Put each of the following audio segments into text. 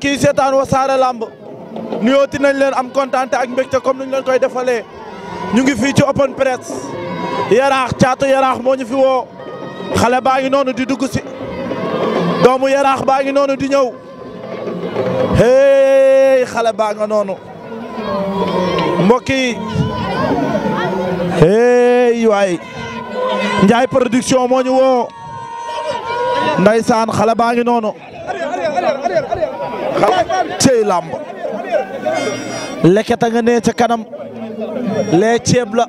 kii yi seetaan Wassare Lamb nuyooti nañ leen am kontaante ak mbégte kom ni ñu leen koy defalee ñu ngi fii ci open press yaraax caatu yaraax moo ñu fi woo xale baa ngi noonu di dugg si doomu yaraax baa ngi noonu di ñëw hey xale baa nga noonu mbokk yi waay njaay production mooñu woo woo ndaysaan xale baa ngi noonu. jaaxal cey làmb leketa nga nee ca kanam lee ceeb la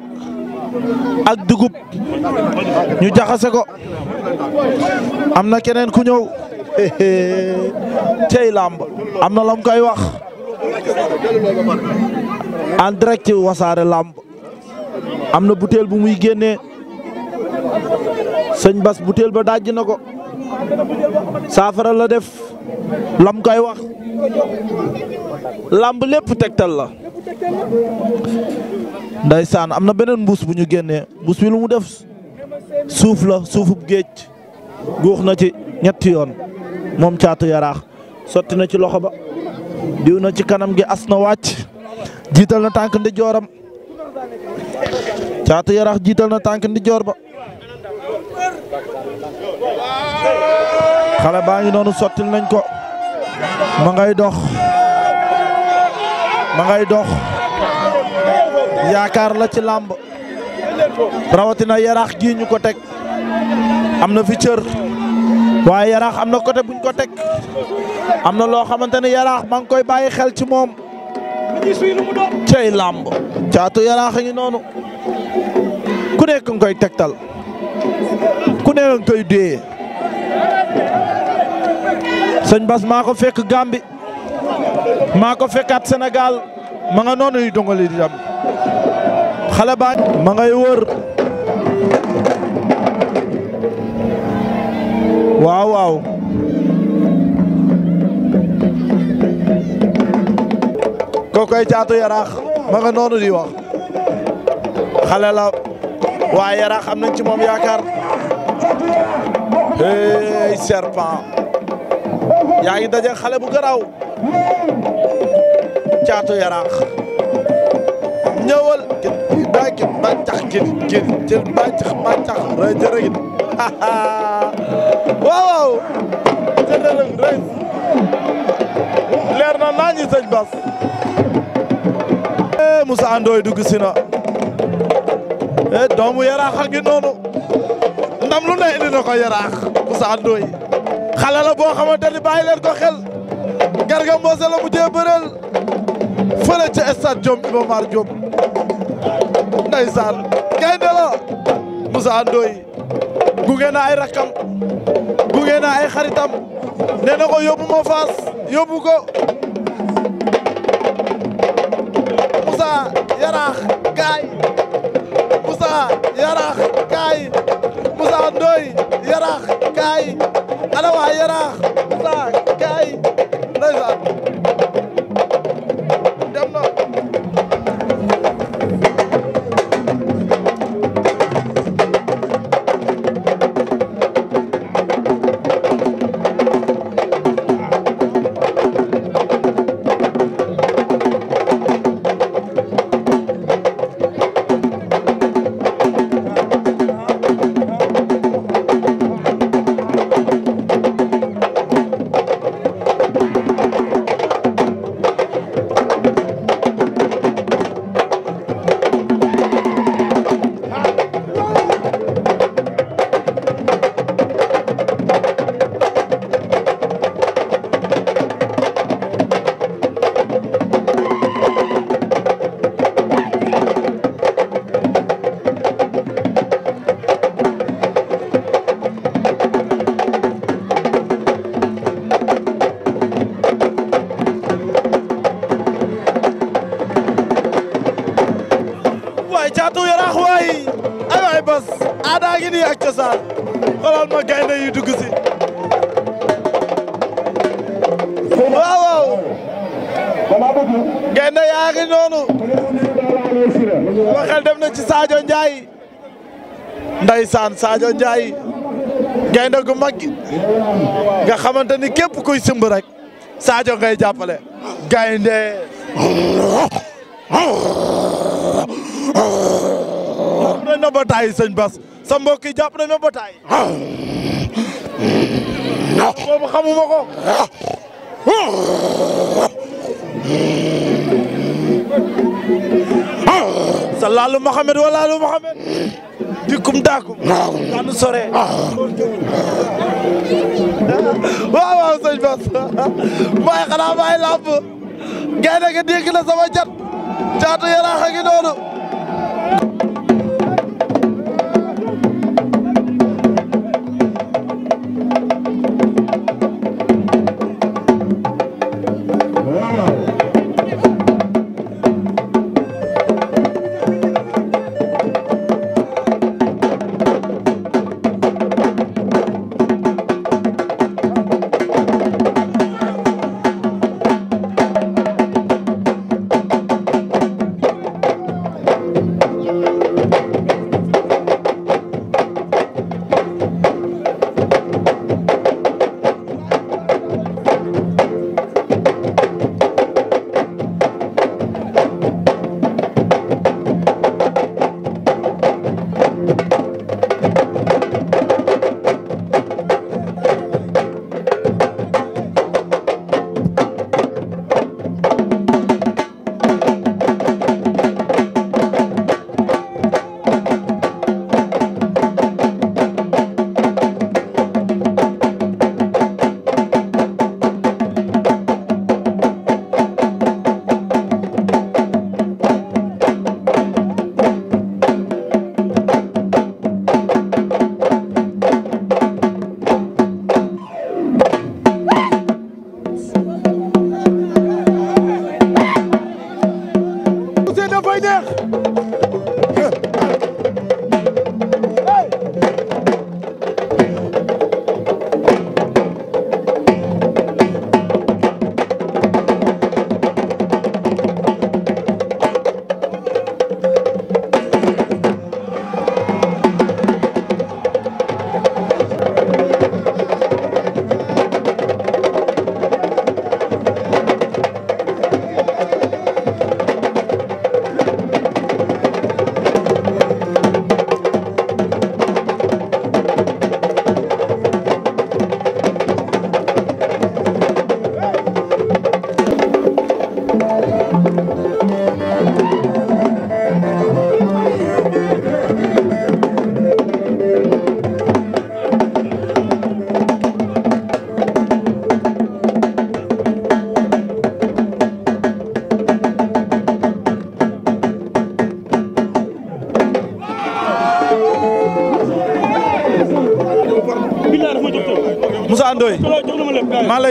ak dugub ñu jaxase ko am na keneen ku ñëw cey làmb am na lam koy wax en direct ci wasaare làmb am na butéel bu muy génne sëñ Bas butéel ba dajji na ko saafara la def lam koy wax làmb lépp tegtal la saan am na beneen mbuus bu ñu génnee mbuus bi lu mu def suuf la suufu géej guux na ci ñetti yoon moom caatu yaraax sotti na ci loxo ba diw na ci kanam gi as na wàcc jiital na tànk ndi caatu yaraax jiital na tànk ndi joor ba xale baa ngi noonu sottil nañ ko ma ngay dox ma ngay dox yaakaar la ci làmb rawatina yaraax gi ñu ko teg am na fi cër waaye yaraax am na côté buñ ko teg am na loo xamante ne yaraax maa ngi koy bàyyi xel ci moom cey làmb caatu yaraax a noonu ku nekk nga koy tegtal ku nekk nga koy dee sëñ Bas maako ko fekk Gambi maa ko fekkaat Sénégal ma nga noonu yu dongali di dem xale ma ngay wër waaw waaw kookoy caatu yaraax ma nga noonu di wax xale la yaraax am nañ ci moom yaakaar hey serpent yaa ngi daje xale bu garaaw caatu yaraax ñëwal gin baagin bàncax gin gin jël bàncax bàncax rëy jërëgin waaw waaw jërërëg rëy naa ñi sëñ Bas eh, Moussa Ndoye dugg si na eh, doomu yaraax a noonu ndam lu ne indi ko yaraax Moussa Ndoye xale la boo xamante ni bàyyi leen ko xel Garga Mbossé la mujjee bëreel fële Iba Mar Diop ndeysaan gaynde la Moussa Ndoye gunge ay rakkam gunge ay xaritam nee na ko faas yóbbu ko Moussa yaraax gaay Moussa yaraax gaay Moussa Ndoye yaraax ala waa yaraax saa kaay ndeysaan Fass aadaa ngi nii ak cosaan xoolal ma gaynde yi dugg si gaynde yaa ngi noonu waxel dem na ci Sadio Ndiaye ndeysaan Sadio Ndiaye gaynde gu mag nga xamante ni képp kuy simb rek Sadio ngay jàppale gaynde nañ ma ba taay sëñ Bas sa mbokk yi jàpp nañ ma ba taay. boobu xamuma ko. sa laalu Mohamed wala laalu Mohamed. dikkum daakum. daanu sore. waaw waaw sëñ Bas maay xanaa maay làmb. gaynde gi dégg na sama jat jaatu yaraaxa gi noonu.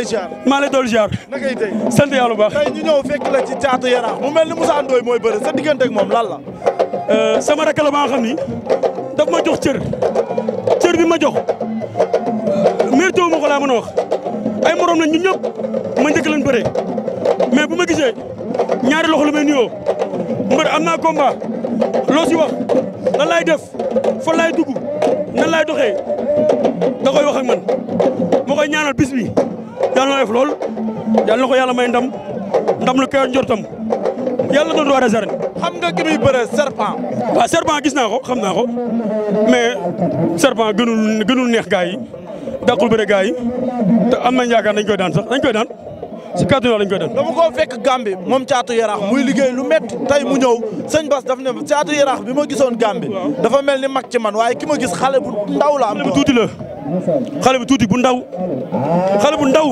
lay ziar maa lay dool ziar naka yi tey sant yàlla bu baax tey ñu ñëw fekk la ci caatu yaraax mu mel ni Moussa Ndoye mooy bëre sa diggante ak moom lan la euh, sama rakk la ma jox cër cër bi ma jox euh, mérité ma ko laa mën a wax ay morom na ñun ñëpp ma njëkk leen bëre mais bu ma gisee ñaari loxo la may nuyoo mbër am wax lan def fan laay dugg nan laay doxee da koy wax ak man ma koy yàlla na def lool yàlla na ko yàlla may ndam ndam lu kawe njortam yàlla lu doon réserve. xam nga ki muy bëre serpent. waaw serpent gis naa ko xam naa ko mais serpent gënul gënul neex gaa yi dàqul bëre gaa yi te am nañ yaakaar dañ koy daan sax dañ koy daan. si kàddu yoo lañ koy def. dama koo fekk Gambie moom caatu yaraax muy liggéey lu métti tey mu ñëw sëñ Bas daf ne caatu yaraax bi ma gisoon Gambie. dafa mel ni mag ci man waaye ki ma gis xale bu ndaw la am. tuuti la. xale bu tuuti bu ndaw xale bu ndaw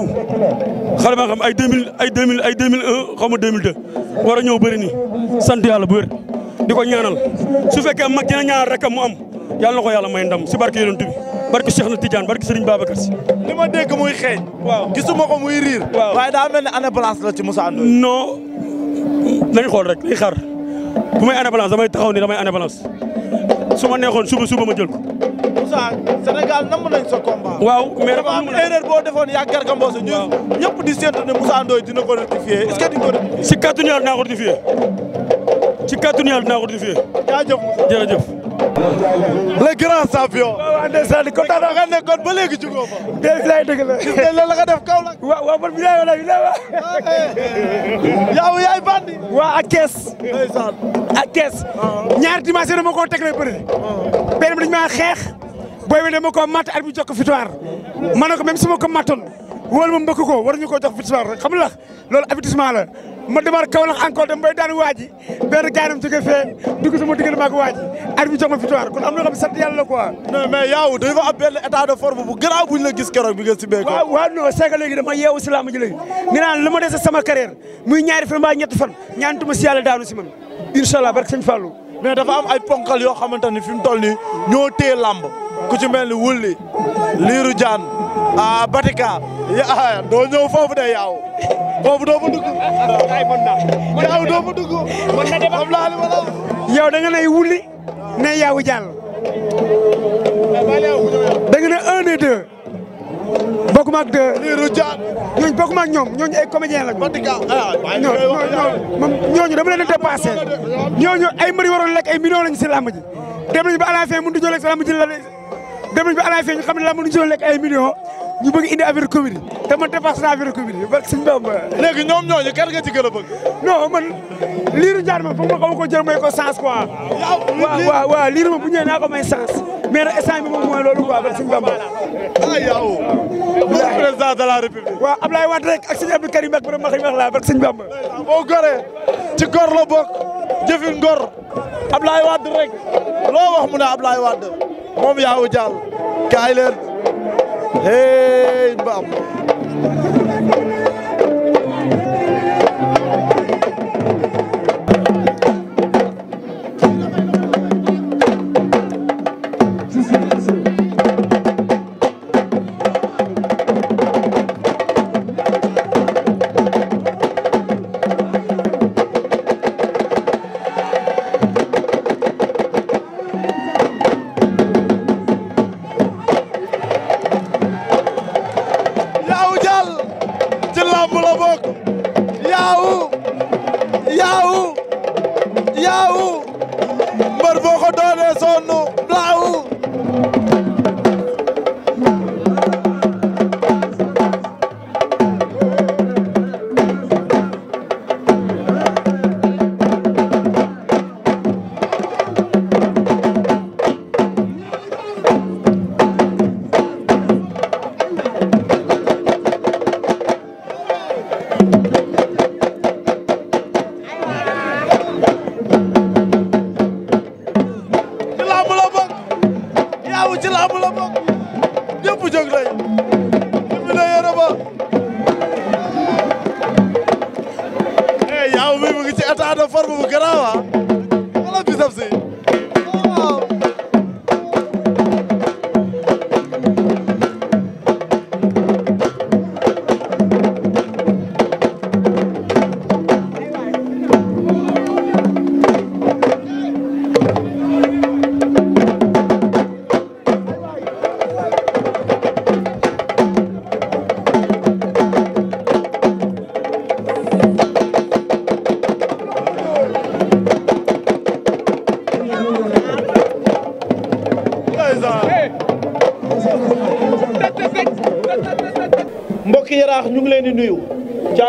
xale ba nga xam ay 2000 ay 2000 ay 2001 xaw ma 2002 war a ñëw bëri ni sant yàlla bu wér di ko ñaanal su fekkee mag dina ñaanal rek mu am yàlla na ko yàlla may ndam si barke yonent bi barke Cheikh na Tidiane barke Serigne Babacar si. li ma dégg muy xeeñ. waaw gisuma ko muy riir. waaw waaye daa mel ne année blanche la ci Moussa Ndoye. non nañu xool rek nañu xaar bu may année blanche damay taxaw ni damay année blanche su ma neexoon suba suba ma jël ko. Moussa Sénégal namm nañ sa combat. waaw mais dafa am erreur boo defoon yaa Garga Mbossé ñu di séntu ne Moussa Ndoye dina ko rectifier est-ce que di ko rectifier. si kàttanu Yàlla dinaa ko rectifier ci kàttanu Yàlla dinaa ko rectifier. jaajëf Moussa jërëjëf. le grand champion. waaw ndeysaan kontaan naa nga nekkoon ba léegi jugoo fa. ndeysaan dëgg la. gis nga la nga def kaw la. waaw waaw man bi yaayoo la yow yaay bandi. waaw ak kees. ndeysaan ak ah. teg rek ah. xeex. booy bi dama ko matt at bi jox ko victoire ma ne ko même su ma ko mattoon wóolu ko waruñu koo jox loolu avertissement la ma demaat Kaolack encore dem bay daan waa ji benn gaaram jóge fee dugg sama diggante maag waa ji at ma victoire kon am na xam sant yàlla la quoi. non mais yow dafa am benn état de forme a la gis keroog bi yeewu si làmb ji léegi nee muy ñaari fan mbaa ñetti fan ñaanatuma si yàlla daanu si man ay ponkal yoo xamante ni fi mu toll nii ñoo téye ku ci mel ni wulli liiru jaan a batika yaa doo ñëw foofu de yaaw foofu doo fa dugg yaaw doo fa dugg yaw laali wala yow da nga ne wulli ne yaaw jàll da nga ne un et deux bokkuma ak deux liiru jaan ñooñu ñoom ñooñu ay comédien lañu batika ah, ñooñu dama leen a dépassé ñooñu ay mbëri waroon lekk ay millions lañu si làmb ji dem ba à la fin mënut a ñëw lekk demuñ ba ANACIM ñu xam ne lamb ñu si doon lekk ay millions ñu bëgg indi affaire commune te man dépassé naa affaire commune ba suñu bamba. léegi ñoom ñooñu kenn nga ci gën a bëgg. non man liiru jaar ma foog ma xaw ko jël may ko sens quoi. waaw waaw waaw liiru ma bu ñëwee naa ko may sens. mais nag instant bi moom mooy loolu quoi ba suñu bamba. ah yow. président de la république. waaw Ablaye Wade rek ak sëñ Abdou Karim ak borom Maxime wax laa ba suñu bamba. boo goree ci gor la bokk jëfin gor Ablaye Wade rek loo wax mu ne Ablaye Wade. moom Yawou Dial kaay leen hey mbaam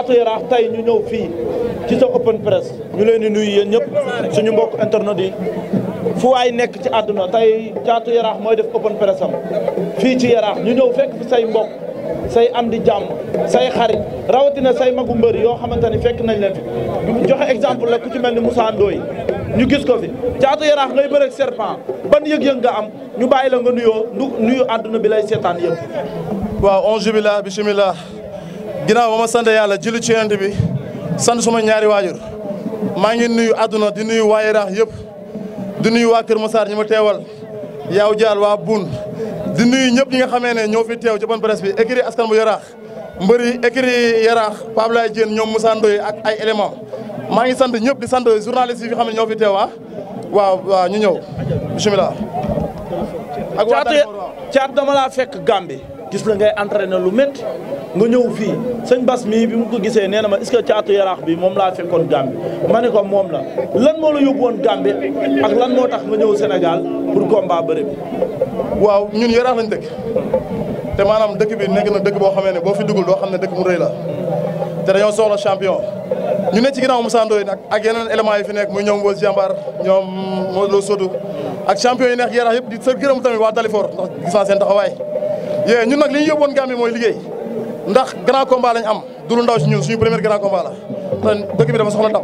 Caatu ñu ñëw fii ci sa open press ñu leen di nuyu yéen ñëpp ñu mbokk internet yi fu waay nekk ci adduna tey Caatu Yaraax mooy def open press am fii ci Yaraax ñu ñëw fekk fi say mbokk say am di jàmm say xarit rawatina say magu mbër yoo xamante ni fekk nañ leen fi joxe exemple la ku ci mel ni Moussa Ndoye ñu gis ko fi Caatu Yaraax ngay bëre ak serpent ban yëg-yëg nga am ñu bàyyi la nga nuyoo nuyu àdduna bi lay seetaan yëpp. waaw on jubila bisimilah. ginnaaw ba ma sant yàlla julli ci yonent bi sant suma ñaari waajur maa ngi nuyu àdduna di nuyu waa Yaraax yëpp di nuyu waa Kër Massar ñi ma teewal yaaw jaal waa Buun di nuyu ñëpp ñi nga xamee ne ñoo fi teew ci ban bi écrit askan bu Yaraax mbëri écrit Yaraax Pape Laye Diène ñoom Moussa ak ay élément maa ngi sant ñëpp di sant journaliste yi fi xam ne ñoo fi teew wa ah. waaw waaw ñu ñëw bisimilah. ak waa dama laa fekk Gambie gis la ngay entraîné lu met nga ñëw fii sëñ Bas mii bi mu ko gisee nee na ma est-ce que caatu yaraax bi moom laa fekkoon Gambie ma ne ko moom la lan moo la yóbbu woon Gambie ak lan moo tax nga ñëw Sénégal pour combat bëre bi. waaw ñun yaraax lañ dëkk te maanaam dëkk bi nekk na dëkk boo xamee ne boo fi dugul doo xam ne dëkk mu rëy la te dañoo soxla champion. ñu ne ci ginnaaw mu Ndoye nag ak yeneen éléments yi fi nekk muy ñoom Wos Jambar ñoom Modou Sodu ak champion yi neex yaraax yëpp di sa gërëm tamit waa Dalifor ndax gis naa seen ñu yóbbu woon Gambie ndax grand combat lañ am du lu ndaw si ñun suñu premier grand combat la te bi dama soxla ndaw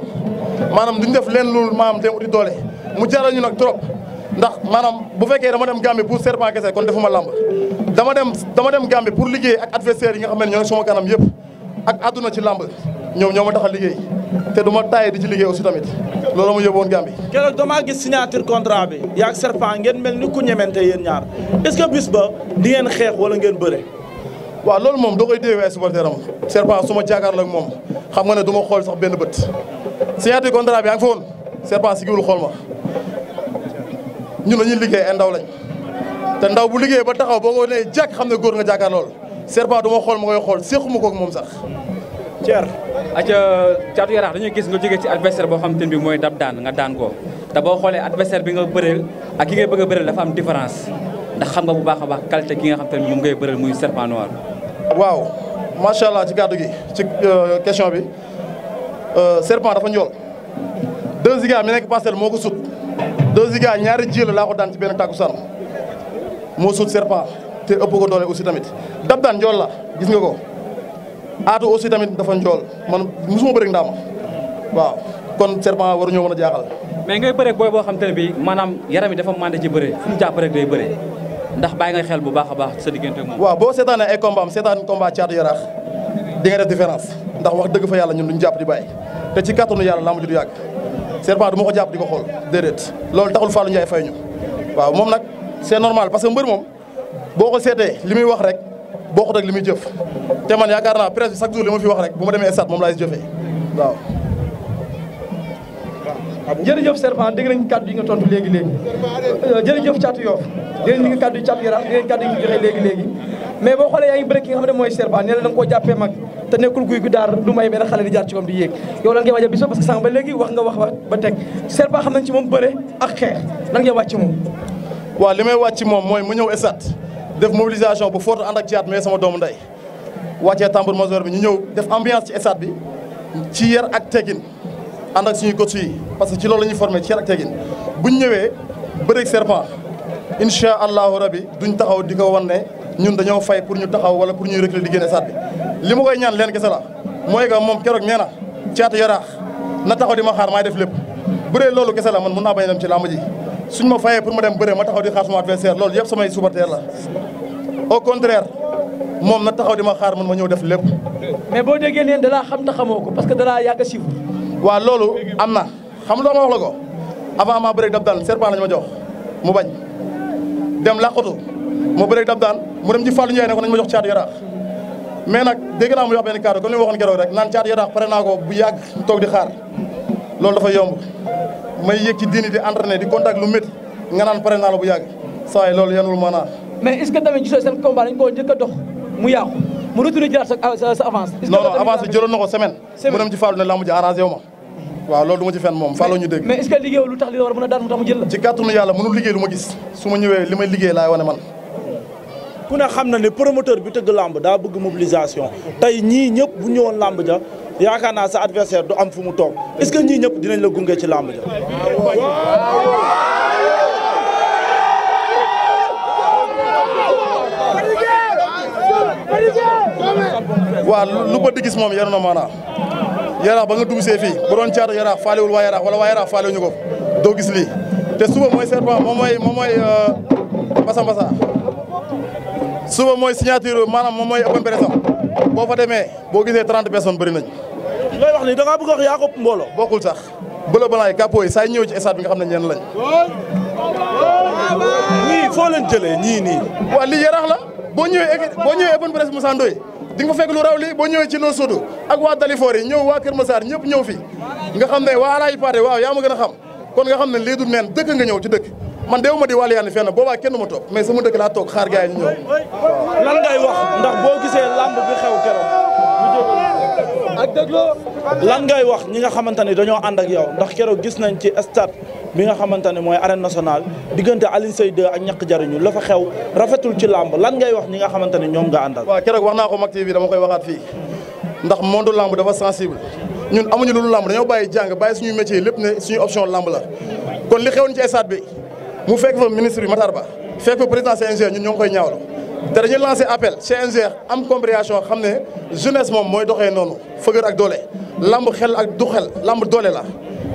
maanaam duñ def leen loolu maanaam dem uti doole mu jaral ñu nag trop ndax maanaam bu fekkee dama dem Gambie pour serpent kese kon defuma lamb dama dem dama dem Gambie pour liggéey ak adversaire yi nga xam ne ñoo nekk sama kanam yëpp ak àdduna ci lamb ñoom ñoo ma tax a liggéey te du ma taayee di ci liggéey aussi tamit loolu ma yóbbu woon Gambie. keroog damaa gis signature contrat bi. yaa ak serpent yéen ñaar est-ce di ngeen xeex wala ngeen bëre. waaw loolu moom doo koy déewee ay supporter am Serpent su ma jàkkaarloo moom xam nga ne du xool sax benn bët signature contrat bi yaa ngi fa woon Serpent si giwul xool ma ñun dañuy liggéey ay ndaw lañ te ndaw bu liggéey ba taxaw boo ko nee jàkk xam ne góor nga jàkkaar lool Serpent du ma xool ma koy xool séquma koog moom sax Thier aca Caatu Yaraax dañuy gis nga jógee ci adversaire boo xam te ne bi mooy dab daan nga daan ko te boo xoolee adversaire bi nga bëreel ak ki ngay bëgg a bëreel dafa am différence ndax xam nga bu baax a baax qualité ki nga xam te ne bi moom ngay bëreel muy Serpent Noir waaw macha allah ci kàddu gi ci euh, question bi euh, serpent dafa njool deux ziga mi nekk parcelle moo ko sut deux ziga ñaari ji la laa ko daan ci benn tàkkusaan moo sut serpent te ëpp ko doole aussi tamit dab daan njool la gis nga ko aatu aussi tamit dafa njool man mosuma bëri ndaama waaw kon serpent waruñoo mën a jaaxal. mais ngay bëreeg booy boo xam te ne bii maanaam yaram yi dafa mànd ci bëre fu mu jàpp day bëre. ndax bàyyi nga xel bu baax a baax sa diggante ak moom. waaw boo seetaanee ay combat am seetaan combat Thiatou Yarakh di nga def différence ndax wax dëgg fa yàlla ñun duñ jàpp di bàyyi te ci kàttanu yàlla laa mujj du yàgg serpent du ma ko jàpp di ko xool déedéet loolu taxul Fallou Ndiaye fay ñu waaw moom nag c'est normal parce que mbër moom boo ko seetee li muy wax rek bokkut ak li muy jëf te man yaakaar naa presse bi chaque jour li fi wax rek bu ma demee stade moom laay jëfee waaw. jërëjëf serpent dégg nañ yi nga tontu léegi léegi euh, jërëjëf caatu yoof dégg nañ kàddu nga joxe léegi léegi mais boo xoolee yaa ngi bëri xam ne mooy serpent nee na da nga koo jàppee mag te nekkul guy gu daar du may benn xale di jaar ci moom di yéeg yow lan ngay waajal biso parce que sànq ba léegi wax nga wax ba teg serpent xam nañ ci moom bëre ak xeex lan ngay wàcc moom waaw li may ci moom mooy mu ñëw esat def mobilisation bu forte ànd ak caat mais sama doomu nday wàccee tambour major bi ñu ñëw def ambiance ci esat bi ci yar ak teggin ànd ak suñu coach yi parce que ci loolu la ñuy formé ci yar ak teggin bu ñu ñëwee bëreeg serpent incha allahu rabi duñ taxaw di ko wan ne ñun dañoo fay pour ñu taxaw wala pour ñuy reculer di génne saat li ma koy ñaan leen kese la mooy que moom keroog nee na caatu yaraax na taxaw di ma xaar maay def lépp bu loolu kese la man mun naa bañ a dem ci làmb ji suñ ma fayee pour ma dem bëree ma taxaw di xaar sama adversaire loolu yëpp samay supporter la na di ma xaar man ma ñëw def lépp. mais boo déggee neen dalaa xam te xamoo ko parce que a suivre waaw loolu am na xam nga ma wax la ko avant ma bëreeg dab daan serpent lañ ma jox mu bañ dem làqatu ma bëreeg dab daan mu dem ci Fallou jox caatu yaraax mais nag dégg naa mu wax benn kàddu comme ni ma waxoon keroog rek naan caatu yaraax pare naa ko bu yàgg toog di xaar loolu dafa yomb may yëg ci diini di entraîné di contact lu métti nga naan pare naa la bu yàgg saa yi loolu yanul maanaa mais est ce que tamit gisoo seen combat dañ koo njëkk a dox mu yàqu mu retourné na ko semaine. ma. waaw loolu du ma ci fenn moom fàllu ñu dégg mais est liggéey lu tax li la war a mën a daan mu tax jël la ci kàttanu yàlla mënul liggéey lu ma gis su ma ñëwee li may liggéey laay wane man ku ne xam na ne promoteur bi tëgg làmb daa bëgg mobilisation tey ñii ñëpp bu ñëwoon làmb ja yaakaar naa sa adversaire du am fu mu toog est-ce que ñii ñëpp dinañ la gunge ci làmb ja waaw lu ba di gis moom yar na maanaam yaraax ba nga dugg see fii bu doon caatu yaraax faalewul waa yaraax wala waa yaraax faalewuñu ko doo gis lii te suba mooy serpent moom mooy euh, suba mooy signature maanaam moom mooy open press boo fa demee boo gisee 30 personnes bëri nañ looy wax ni da ngaa bëgg wax yaa ko mbooloo bokkul sax bëla banaay kàppoo yi ñëw ci stade bi nga xam ne ñeen lañ ñii foo leen jëlee ñii nii. waaw lii yarax la boo ñëwee boo ñëwee open presse Moussa Ndoye di nga fa fekk lu raw lii boo ñëwee ci no sodo ak waa Dalifor ñëw waa Kër Massar ñëpp ñëw fi nga xam ne waa Alaay Paate waaw yaa ma gën a xam kon nga xam ne lii du neen dëkk nga ñëw ci dëkk man deewu ma di wàlliyaani fenn boobaa kenn ma topp mais sama dëkk laa toog xaar gars ñëw lan ngay wax ndax boo gisee lamb bi xew keroog lan ngay wax ñi nga xamante ni dañoo ànd ak yow ndax keroog gis nañ ci stade bi nga xamante ne mooy arène nationale diggante Alioune Seye 2 ak ñàkk jariñu la fa xew rafetul ci làmb lan ngay wax ñi nga xamante ne ñoom nga àndal. waaw keroog wax naa ko Mak TV dama koy waxaat fii ndax monde làmb dafa sensible ñun amuñu lu làmb dañoo bàyyi jàng bàyyi suñu métier lépp ne suñu option làmb la kon li xewoon ci stade bi mu fekk fa ministre bi Matar Ba fekk fa ñoo ngi koy ñaawlu te dañuy lancé appel CNG am compréhension xam ne jeunesse moom mooy doxee noonu fëgër ak doole lamb xel ak du xel lamb doole la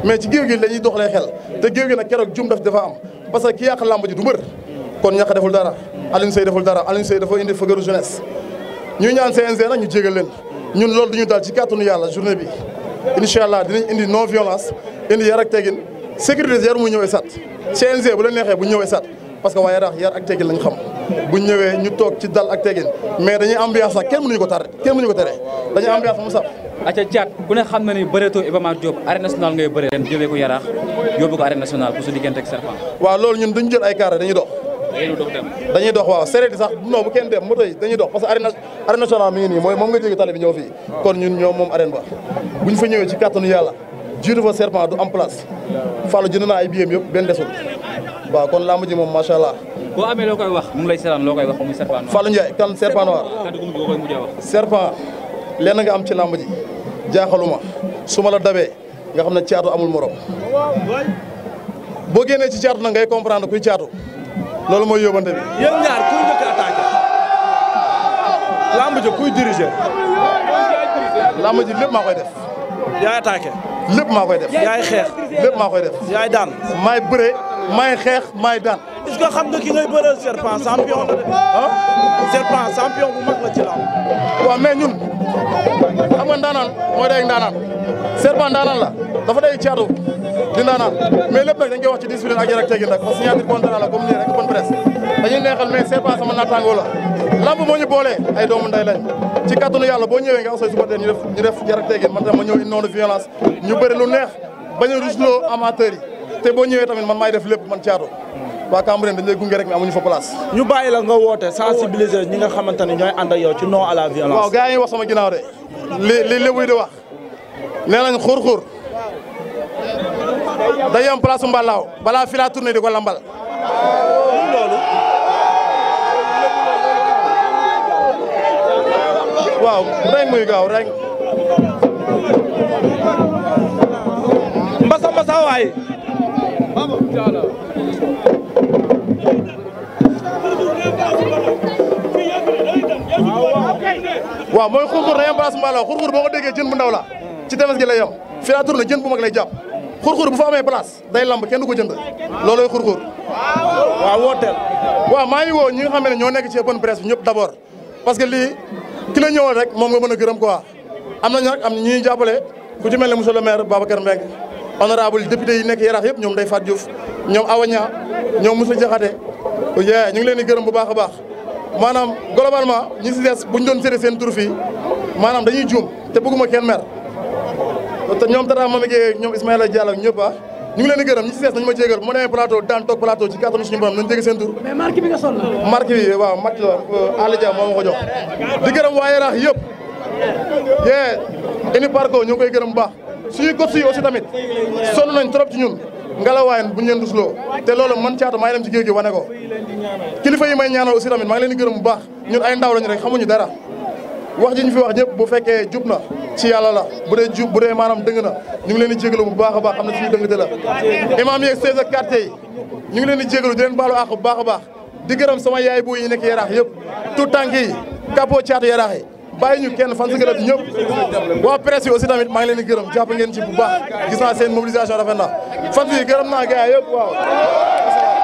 mais ci géew gi la dox doxalee xel te géew gi nag keroog jum def dafa am parce que ki yàq lamb ji du mbër kon ñàkk deful dara Alioune Seye deful dara Alioune Seye dafa indi fëgëru jeunesse ñu ñaan CNG nag ñu jégal leen ñun loolu duñu daal ci kàttanu yàlla journée bi incha allah dinañ indi non violence indi yar ak tegin s yaru mu ñëwee sat CNG bu la neexee bu ñëwee sat parce que waa Yaraax yar ak teggin lañ xam bu ñëwee ñu toog ci dal ak teggin mais dañuy ambiance sax kenn mënuñu ko tar kenn mënuñu ko tere dañuy ambiance mu xam na ni bëreetoo Iba Mar Diop arène nationale ngay bëree ren jógee ko Yaraax yóbbu ko arène nationale pour su diggante ak Serpent. waaw loolu ñun duñ jël ay carré dañuy dox. dañuy dox waaw sereet sax non bu kenn dem moto yi dañuy dox parce que arène nationale mi mooy moom nga jóge tali bi ñëw fii kon ñun ñoom moom arène ba buñ fa ñëwee ci kàttanu yàlla jiitu fa serpent du am place Fallou jënd naa ay yëpp benn waaw kon làmb ji moom macha allah. boo amee loo koy wax mu ngi lay seetaan loo koy am ci làmb ji jaaxaluma su ma la dabee nga xam ne caatu amul morom boo ci caatu nag ngay comprendre kuy caatu loolu mooy yóbbante bi. yéen ñaar kuy njëkk attaqué làmb ji kuy dirigé lépp maa koy def. yaay attaqué. lépp maa koy def. yaay xeex lépp maa koy def. yaay daan maay bëree. may xeex may daan. est que xam nga ki ngay bëreel serpent champion la de. ah serpent champion bu mag la ci laaw. waaw mais ñun xam nga ndaanaan mooy day ndaanaan serpent ndaanaan la dafa day caatu di ndaanaan mais lépp nag dañ koy wax ci discipline ak yar ak teggin rek parce que signature contrat la comme nii rek bonne presse dañuy neexal mais serpent sama naataangoo la lamb moo ñu boolee ay doomu nday lañ. ci kàttanu yàlla boo ñëwee nga asay suba tey ñu def ñu def man tam ma ñëw une non violence bëri lu neex bañ a rusloo amateur yi. te boo ñëwee tamit man may def lépp man caatu waa Cambérène dañ lay gunge rek mais amuñu fa place ñu bàyyi la nga woote sensibiliser ñi nga xamante ne ñooy ànd ak yow ci non à la violence waaw gars yi a sama ginnaaw de li li lébuy di wax nee nañ xur-xur day am place mbalaaw balaa fi laa tourné di ko lambal waaw reng muy gaaw reng mbasa waaw mooy xurxur day emplacement la xurxur boo ko déggee jën bu ndaw la ci tefes gi lay yem fii laa tourné jën bu mag lay jàpp xurxur bu fa amee place day lamb kenn du ko jënd looloy xurxur waaw wooteel waaw maa ngi woo ñi nga xam ne ñoo nekk ci open presse bi ñëpp d'abord parce que lii ki la ñëwoon rek moom nga mën a gërëm quoi am na ñu am na ñi ñuy jàppale ku ci mel ne monsieur le maire Babacar Mbengue honorable député yi nekk Yaraax yëpp ñoom Ndeye Fatou Diouf ñoom Awa Niang ñoom Moussa Diakhaté ñu ngi leen di gërëm bu baax a baax maanaam globalement ñi si des bu ñu doon séddee seen tur fii maanaam dañuy juum te bëgguma kenn mer te ñoom Tata Mame Gueye ñoom Ismaïla Diallo ñëpp ah ñu ngi leen di gërëm ñi si des nañu ma jégal mu demee plateau daan toog plateau ci kattanu suñu borom nañu jéggi seen tur. mais marque bi nga sol la. bi waaw marque la euh, Aliou Dia moo ko jox di gërëm waa Yaraax yëpp yee ini koy gërëm bu baax suñu ko yi aussi tamit sonn nañ trop ci ñun ngelawaayan bu ñu leen rusloo te loolu man caata maa ngi dem ci géej gi wane ko kilifa yi may ñaanal aussi tamit maa leen di gërëm bu baax ñun ay ndaw lañ rek xamuñu dara wax ji ñu fi wax ñëpp bu fekkee jub na ci yàlla la bu dee jub bu dee maanaam dëng na ñu ngi leen di jégalu bu baax a baax xam ne suñu dëngte la imaam yeeg chef de quartier yi ñu ngi leen di jégalu di leen baalu àq bu baax a baax di gërëm sama yaay bu yi nekk yaraax yëpp tout tànk yi capot caatu yaraax yi bàyyi ñu kenn fan si gërëm ñëpp waa presse yi aussi tamit maa ngi leen di gërëm jàpp ngeen ci bu baax gis seen mobilisation rafet na fan si gërëm naa gars yëpp waaw.